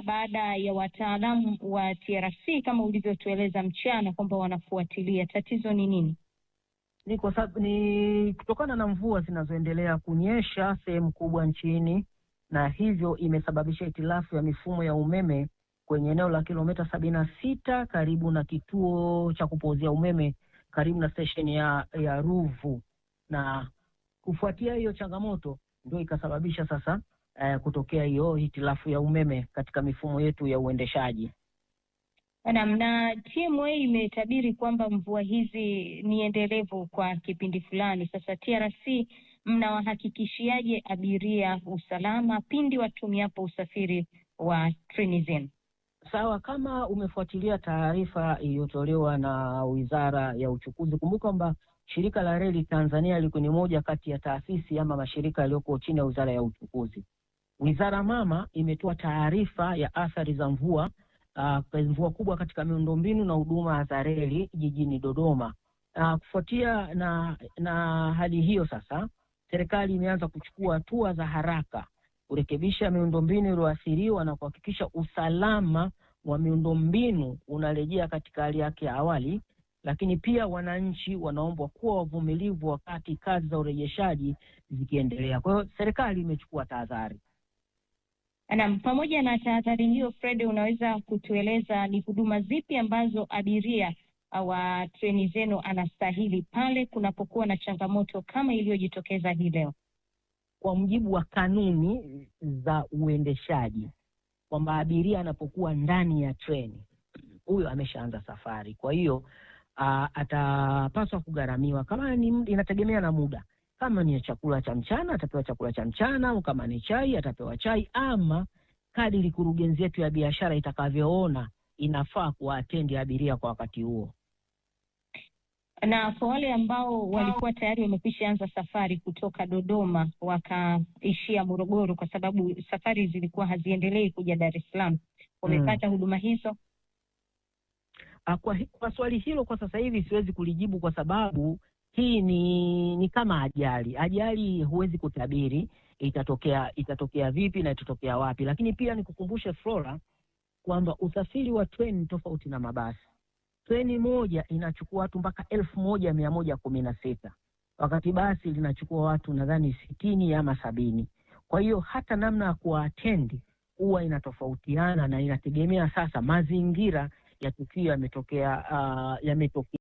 baada ya wataalamu wa TRC kama ulivyotueleza mchana kwamba wanafuatilia tatizo ni nini? Ni kwa sababu ni kutokana na mvua zinazoendelea kunyesha sehemu kubwa nchini, na hivyo imesababisha itilafu ya mifumo ya umeme kwenye eneo la kilomita sabini na sita karibu na kituo cha kupozea umeme karibu na stesheni ya, ya Ruvu, na kufuatia hiyo changamoto ndio ikasababisha sasa eh, kutokea hiyo hitilafu ya umeme katika mifumo yetu ya uendeshaji. Naam, na TMA imetabiri kwamba mvua hizi ni endelevu kwa kipindi fulani. Sasa TRC mnawahakikishiaje abiria usalama pindi watumiapo usafiri wa TRANISM? Sawa, kama umefuatilia taarifa iliyotolewa na Wizara ya Uchukuzi, kumbuka kwamba shirika la reli Tanzania liko ni moja kati ya taasisi ama mashirika yaliyoko chini ya Wizara ya Uchukuzi. Wizara mama imetoa taarifa ya athari za mvua uh, mvua kubwa katika miundombinu na huduma za reli jijini Dodoma. Uh, kufuatia na, na hali hiyo sasa, serikali imeanza kuchukua hatua za haraka kurekebisha miundombinu iliyoathiriwa na kuhakikisha usalama wa miundombinu unarejea katika hali yake ya awali, lakini pia wananchi wanaombwa kuwa wavumilivu wakati kazi za urejeshaji zikiendelea. Kwa hiyo serikali imechukua tahadhari. Naam, pamoja na tahadhari hiyo, Fred, unaweza kutueleza ni huduma zipi ambazo abiria wa treni zenu anastahili pale kunapokuwa na changamoto kama iliyojitokeza hii leo? Kwa mujibu wa kanuni za uendeshaji kwamba abiria anapokuwa ndani ya treni huyo ameshaanza safari, kwa hiyo atapaswa kugharamiwa kama ni, inategemea na muda kama ni chakula cha mchana atapewa chakula cha mchana, au kama ni chai atapewa chai, ama kadiri kurugenzi yetu ya biashara itakavyoona inafaa kuwatendi abiria kwa wakati huo. Na kwa wale ambao walikuwa tayari wamekwisha anza safari kutoka Dodoma wakaishia Morogoro, kwa sababu safari zilikuwa haziendelei kuja Dar es Salaam, wamepata hmm, huduma hizo? Ah, kwa, kwa swali hilo kwa sasa hivi siwezi kulijibu kwa sababu hii ni ni kama ajali. Ajali huwezi kutabiri itatokea itatokea vipi na itatokea wapi, lakini pia nikukumbushe Flora kwamba usafiri wa treni tofauti na mabasi. Treni moja inachukua watu mpaka elfu moja mia moja kumi na sita wakati basi linachukua watu nadhani sitini ama sabini. Kwa hiyo hata namna ya kuwaatendi huwa inatofautiana na inategemea sasa mazingira ya tukio yametokea, uh, yametokea